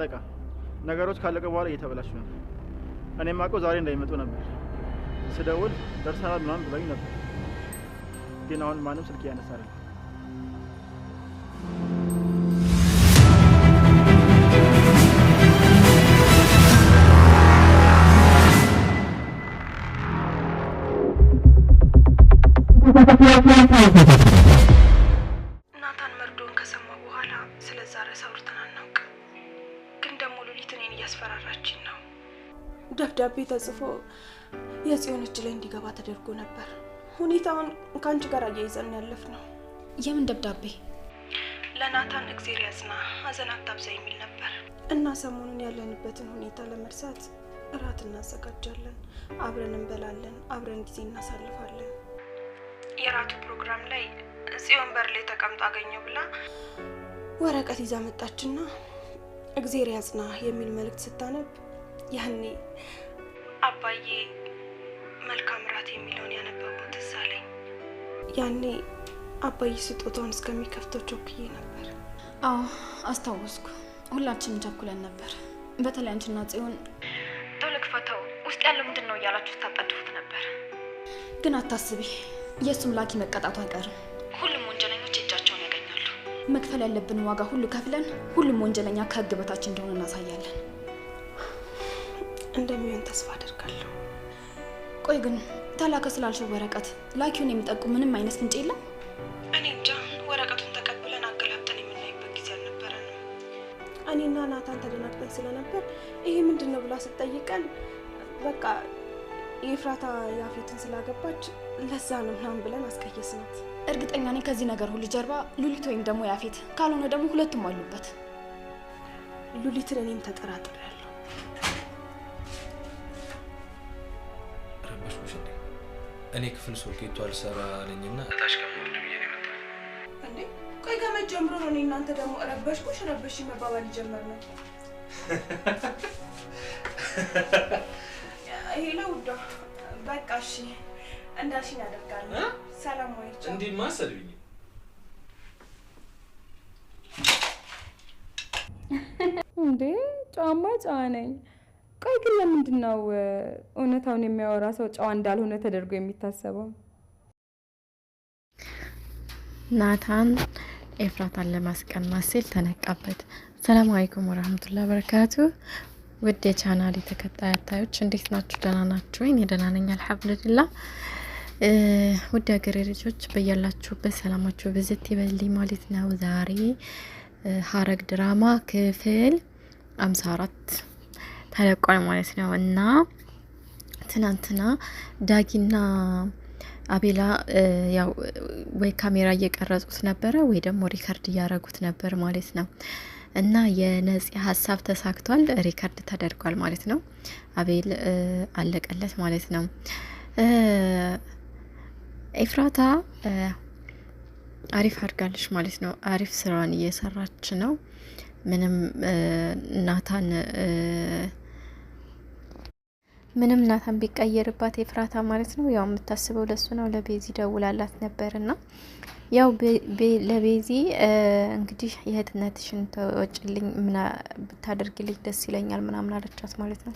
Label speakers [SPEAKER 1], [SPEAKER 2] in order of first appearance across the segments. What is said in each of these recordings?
[SPEAKER 1] አለቃ ነገሮች ካለቀ በኋላ እየተበላሹ ነው። እኔ ማውቀው ዛሬ እንዳይመጡ ነበር። ስደውል ደርሰናል ምናምን ብለኝ ነበር፣ ግን አሁን ማንም ስልክ ያነሳል
[SPEAKER 2] ተጽፎ የጽዮን እጅ ላይ እንዲገባ ተደርጎ ነበር። ሁኔታውን ከአንቺ ጋር አያይዘን ያለፍ ነው።
[SPEAKER 3] የምን ደብዳቤ?
[SPEAKER 4] ለናታን እግዜር ያዝና ሀዘን አታብዛ የሚል ነበር
[SPEAKER 2] እና ሰሞኑን ያለንበትን ሁኔታ ለመርሳት እራት እናዘጋጃለን፣ አብረን እንበላለን፣ አብረን ጊዜ እናሳልፋለን።
[SPEAKER 4] የራቱ ፕሮግራም ላይ ጽዮን በር ላይ ተቀምጦ አገኘው ብላ
[SPEAKER 2] ወረቀት ይዛ መጣችና እግዜር ያጽና የሚል መልእክት ስታነብ ያኔ
[SPEAKER 4] አባዬ መልካም ራት የሚለውን ያነበቡት እዛ ላይ
[SPEAKER 2] ያኔ አባዬ ስጦታውን እስከሚከፍተው ቸኩዬ ነበር።
[SPEAKER 3] አዎ አስታወስኩ። ሁላችንም ቸኩለን ነበር። በተለይ አንቺና ጽዮን
[SPEAKER 4] ቶሎ ክፈተው ውስጥ ያለው ምንድን ነው እያላችሁ ታጣድፉት ነበር።
[SPEAKER 3] ግን አታስቢ፣ የእሱም ላኪ መቀጣቱ አይቀርም።
[SPEAKER 4] ሁሉም ወንጀለኞች እጃቸውን ያገኛሉ።
[SPEAKER 3] መክፈል ያለብን ዋጋ ሁሉ ከፍለን ሁሉም ወንጀለኛ ከህግ በታች እንደሆነ እናሳያለን።
[SPEAKER 2] እንደሚሆን ተስፋ አደርጋለሁ። አውቃለሁ።
[SPEAKER 3] ቆይ ግን ተላከ ስላልሽው ወረቀት ላኪውን የሚጠቁም ምንም አይነት ፍንጭ የለም?
[SPEAKER 4] እኔ እንጃ። ወረቀቱን ተቀብለን አገላብጠን የምናይበት ጊዜ አልነበረንም።
[SPEAKER 2] እኔና ናታን ተደናግጠን ስለነበር ይሄ ምንድን ነው ብላ ስጠይቀን በቃ የፍራታ ያፌትን ስላገባች ለዛ ነው ምናምን ብለን አስቀየስናት።
[SPEAKER 3] እርግጠኛ ነኝ ከዚህ ነገር ሁሉ ጀርባ ሉሊት ወይም ደግሞ ያፌት ካልሆነ ደግሞ ሁለቱም አሉበት።
[SPEAKER 2] ሉሊትን እኔም ተጠራጥሬያለሁ።
[SPEAKER 5] እኔ ክፍል ሶኬቱ አልሰራ አለኝና
[SPEAKER 6] ታች ከመወርድ ብዬ ነው የመጣሁት።
[SPEAKER 2] እንዴ ቆይ ከመቼ ጀምሮ ነው እኔ እናንተ ደግሞ ረበሽኩሽ ረበሽ መባባል ጀመርነው? ሄሎ ውዶ፣ በቃ እሺ እንዳልሽኝ አደርጋለሁ። ሰላም ወይ?
[SPEAKER 6] እንዴት ማሰልብኝ
[SPEAKER 2] እንዴ ጫማ ጫነኝ ቆይ ግን ለምንድን ነው እውነታውን የሚያወራ ሰው ጨዋ እንዳልሆነ ተደርጎ የሚታሰበው?
[SPEAKER 7] ናታን ኤፍራታን ለማስቀናት ሲል ተነቃበት። ሰላም አለይኩም ወራህመቱላ በረካቱ። ውድ የቻናል የተከታይ አታዮች እንዴት ናችሁ? ደህና ናችሁ ወይ? ደህና ነኝ አልሐምዱሊላ። ውድ ሀገሬ ልጆች በያላችሁበት ሰላማችሁ ብዝት ይበል ማለት ነው። ዛሬ ሀረግ ድራማ ክፍል አምሳ አራት ተለቋል ማለት ነው እና ትናንትና ዳጊና አቤላ ያው ወይ ካሜራ እየቀረጹት ነበረ ወይ ደግሞ ሪከርድ እያረጉት ነበር ማለት ነው እና የነጽ ሀሳብ ተሳክቷል። ሪከርድ ተደርጓል ማለት ነው። አቤል አለቀለት ማለት ነው። ኤፍራታ አሪፍ አድርጋለች ማለት ነው። አሪፍ ስራዋን እየሰራች ነው። ምንም ናታን ምንም ናታን ቢቀየርባት የፍራታ ማለት ነው ያው የምታስበው ለሱ ነው። ለቤዚ ደውላላት ነበር እና ያው ለቤዚ እንግዲህ የእህትነትሽን ተወጭልኝ ምና ብታደርግልኝ ደስ ይለኛል ምናምን አለቻት ማለት ነው።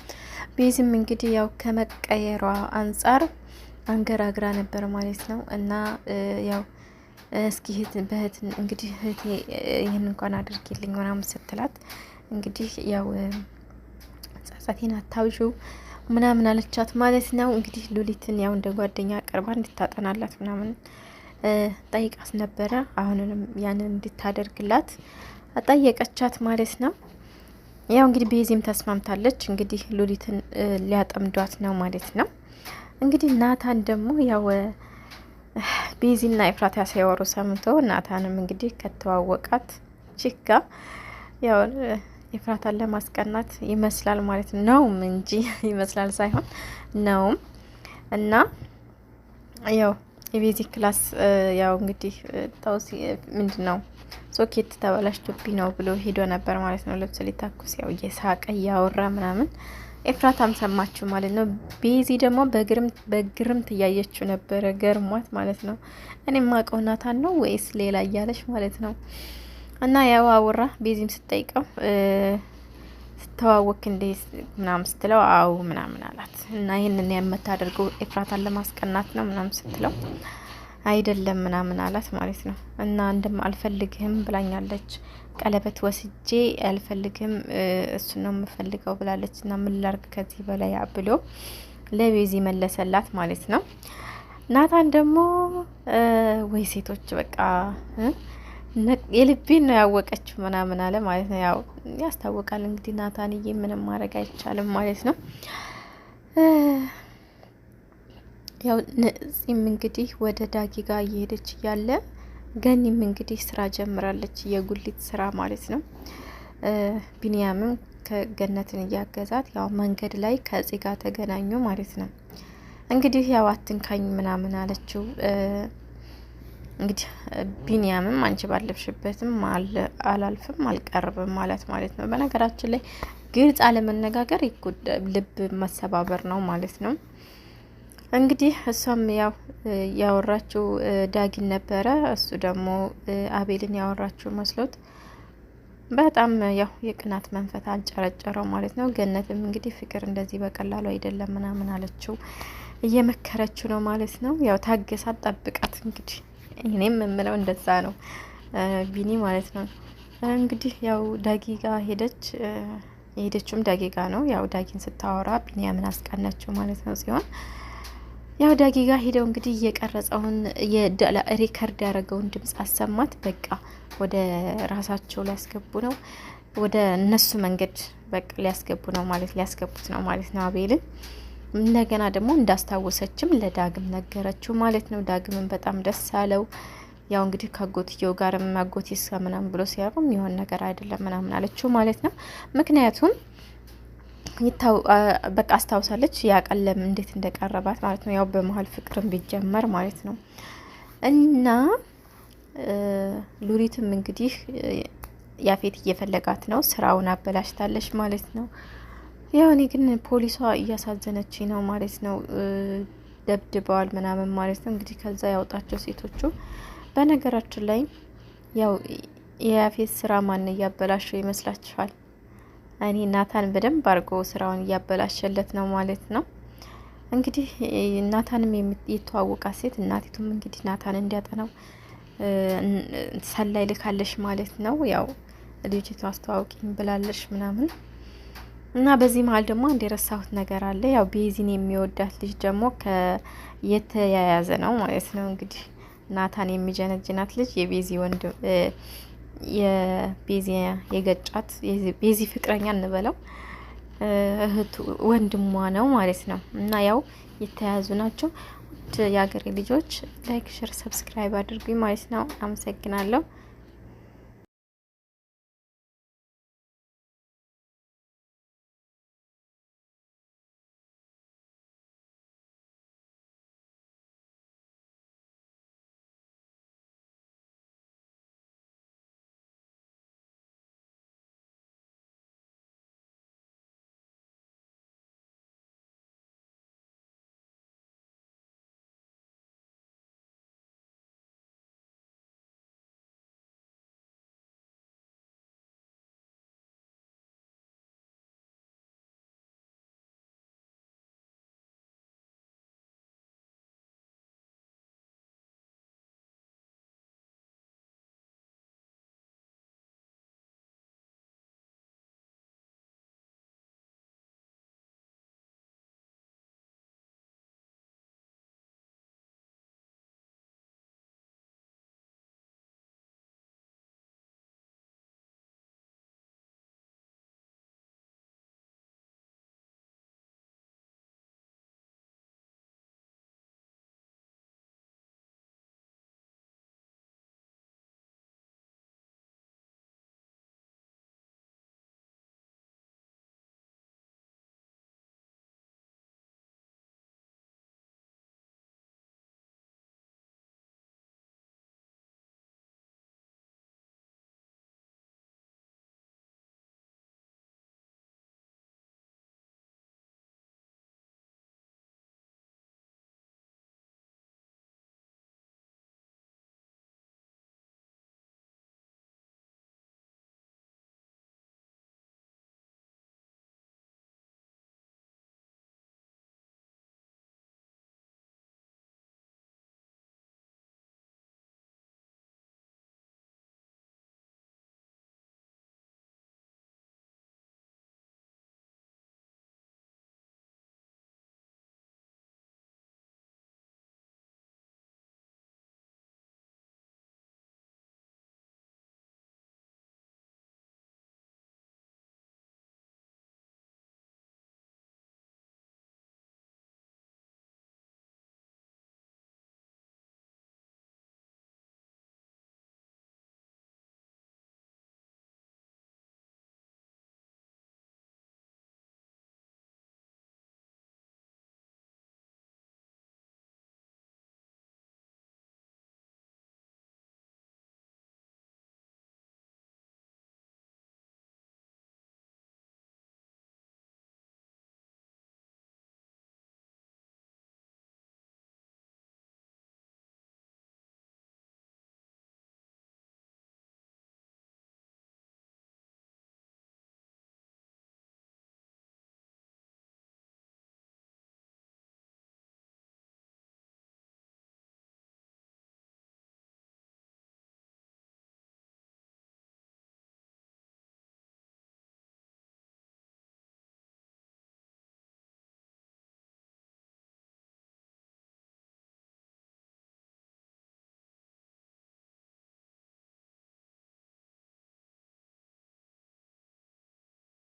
[SPEAKER 7] ቤዚም እንግዲህ ያው ከመቀየሯ አንጻር አንገራግራ ነበር ማለት ነው እና ያው እስኪ እህት እንግዲህ እህቴ ይህን እንኳን አድርጊልኝ ምናምን ስትላት እንግዲህ ያው ጸጸቴን አታውዥው ምናምን አለቻት ማለት ነው። እንግዲህ ሉሊትን ያው እንደ ጓደኛ ቀርባ እንድታጠናላት ምናምን ጠይቃት ነበረ። አሁንንም ያንን እንድታደርግላት ጠየቀቻት ማለት ነው። ያው እንግዲህ ቤዚም ተስማምታለች። እንግዲህ ሉሊትን ሊያጠምዷት ነው ማለት ነው። እንግዲህ ናታን ደግሞ ያው ቤዚና ኤፍራታ ሲያወሩ ሰምቶ ናታንም እንግዲህ ከተዋወቃት ቺካ ያው ኤፍራታን ለማስቀናት ይመስላል ማለት ነውም እንጂ ይመስላል ሳይሆን ነውም። እና ያው የቤዚ ክላስ ያው እንግዲህ ታውሲ ምንድን ነው ሶኬት ተበላሽቶብኝ ነው ብሎ ሄዶ ነበር ማለት ነው። ልብስ ሊታኩስ ያው እየሳቀ እያወራ ምናምን ኤፍራታም ሰማችሁ ማለት ነው። ቤዚ ደግሞ በግርምት እያየችው ነበረ፣ ገርሟት ማለት ነው። እኔ ማቀው ነው ወይስ ሌላ እያለች ማለት ነው። እና ያው አወራ ቤዚም ስጠይቀው ስተዋወክ እንዴ ምናምን ስትለው አው ምናምን አላት። እና ይህንን የምታደርገው ኤፍራታን ለማስቀናት ነው ምናምን ስትለው አይደለም ምናምን አላት ማለት ነው። እና እንደም አልፈልግህም ብላኛለች፣ ቀለበት ወስጄ አልፈልግህም እሱ ነው የምፈልገው ብላለች። እና ምን ላርግ ከዚህ በላይ ብሎ ለቤዚ መለሰላት ማለት ነው። ናታን ደግሞ ወይ ሴቶች በቃ የልቤን ነው ያወቀችው ምናምን አለ ማለት ነው። ያው ያስታውቃል እንግዲህ ናታንዬ ምንም ማድረግ አይቻልም ማለት ነው። ያው ንጽም እንግዲህ ወደ ዳጊ ጋር እየሄደች እያለ ገኒም እንግዲህ ስራ ጀምራለች፣ የጉሊት ስራ ማለት ነው። ቢንያምም ከገነትን እያገዛት ያው መንገድ ላይ ከጽጋ ተገናኙ ማለት ነው። እንግዲህ ያው አትንካኝ ምናምን አለችው። እንግዲህ ቢንያምም አንቺ ባለፍሽበትም አላልፍም አልቀርብም ማለት ማለት ነው። በነገራችን ላይ ግልጽ አለመነጋገር ልብ መሰባበር ነው ማለት ነው። እንግዲህ እሷም ያው ያወራችው ዳጊን ነበረ፣ እሱ ደግሞ አቤልን ያወራችው መስሎት በጣም ያው የቅናት መንፈት አልጨረጨረው ማለት ነው። ገነትም እንግዲህ ፍቅር እንደዚህ በቀላሉ አይደለም ምናምን አለችው፣ እየመከረችው ነው ማለት ነው። ያው ታገሳት፣ ጠብቃት እንግዲህ እኔም የምለው እንደዛ ነው ቢኒ ማለት ነው። እንግዲህ ያው ዳጊ ሄደች። የሄደችውም ዳጊ ነው። ያው ዳጊን ስታወራ ቢኒያምን አስቀናቸው ማለት ነው ሲሆን ያው ዳጊ ጋ ሄደው እንግዲህ እየቀረጸውን ሪከርድ ያደረገውን ድምፅ አሰማት። በቃ ወደ ራሳቸው ሊያስገቡ ነው፣ ወደ እነሱ መንገድ በቃ ሊያስገቡ ነው ማለት ሊያስገቡት ነው ማለት ነው አቤልን እንደገና ደግሞ እንዳስታወሰችም ለዳግም ነገረችው ማለት ነው። ዳግምን በጣም ደስ አለው። ያው እንግዲህ ከአጎትየው ጋርም ይስ ምናምን ብሎ ሲያሩ የሚሆን ነገር አይደለም ምናምን አለችው ማለት ነው። ምክንያቱም በቃ አስታውሳለች ያቀለም እንዴት እንደቀረባት ማለት ነው። ያው በመሀል ፍቅርን ቢጀመር ማለት ነው እና ሉሪትም እንግዲህ ያፌት እየፈለጋት ነው። ስራውን አበላሽታለች ማለት ነው። ያው እኔ ግን ፖሊሷ እያሳዘነች ነው ማለት ነው። ደብድበዋል ምናምን ማለት ነው እንግዲህ ከዛ ያውጣቸው ሴቶቹ። በነገራችን ላይ ያው የያፌት ስራ ማን እያበላሸው ይመስላችኋል? እኔ ናታን በደንብ አድርጎ ስራውን እያበላሸለት ነው ማለት ነው። እንግዲህ ናታንም የተዋወቃት ሴት እናቲቱም እንግዲህ ናታን እንዲያጠናው ሰላይ ልካለሽ ማለት ነው። ያው ልጅቱ አስተዋውቂኝ ብላለሽ ምናምን እና በዚህ መሀል ደግሞ አንድ የረሳሁት ነገር አለ። ያው ቤዚን የሚወዳት ልጅ ደግሞ የተያያዘ ነው ማለት ነው። እንግዲህ ናታን የሚጀነጅናት ልጅ የቤዚ ወንድም የቤዚ የገጫት ቤዚ ፍቅረኛ እንበለው እህቱ ወንድሟ ነው ማለት ነው። እና ያው የተያያዙ ናቸው። ውድ የአገሬ ልጆች ላይክ፣ ሽር፣ ሰብስክራይብ አድርጉኝ ማለት ነው። አመሰግናለሁ።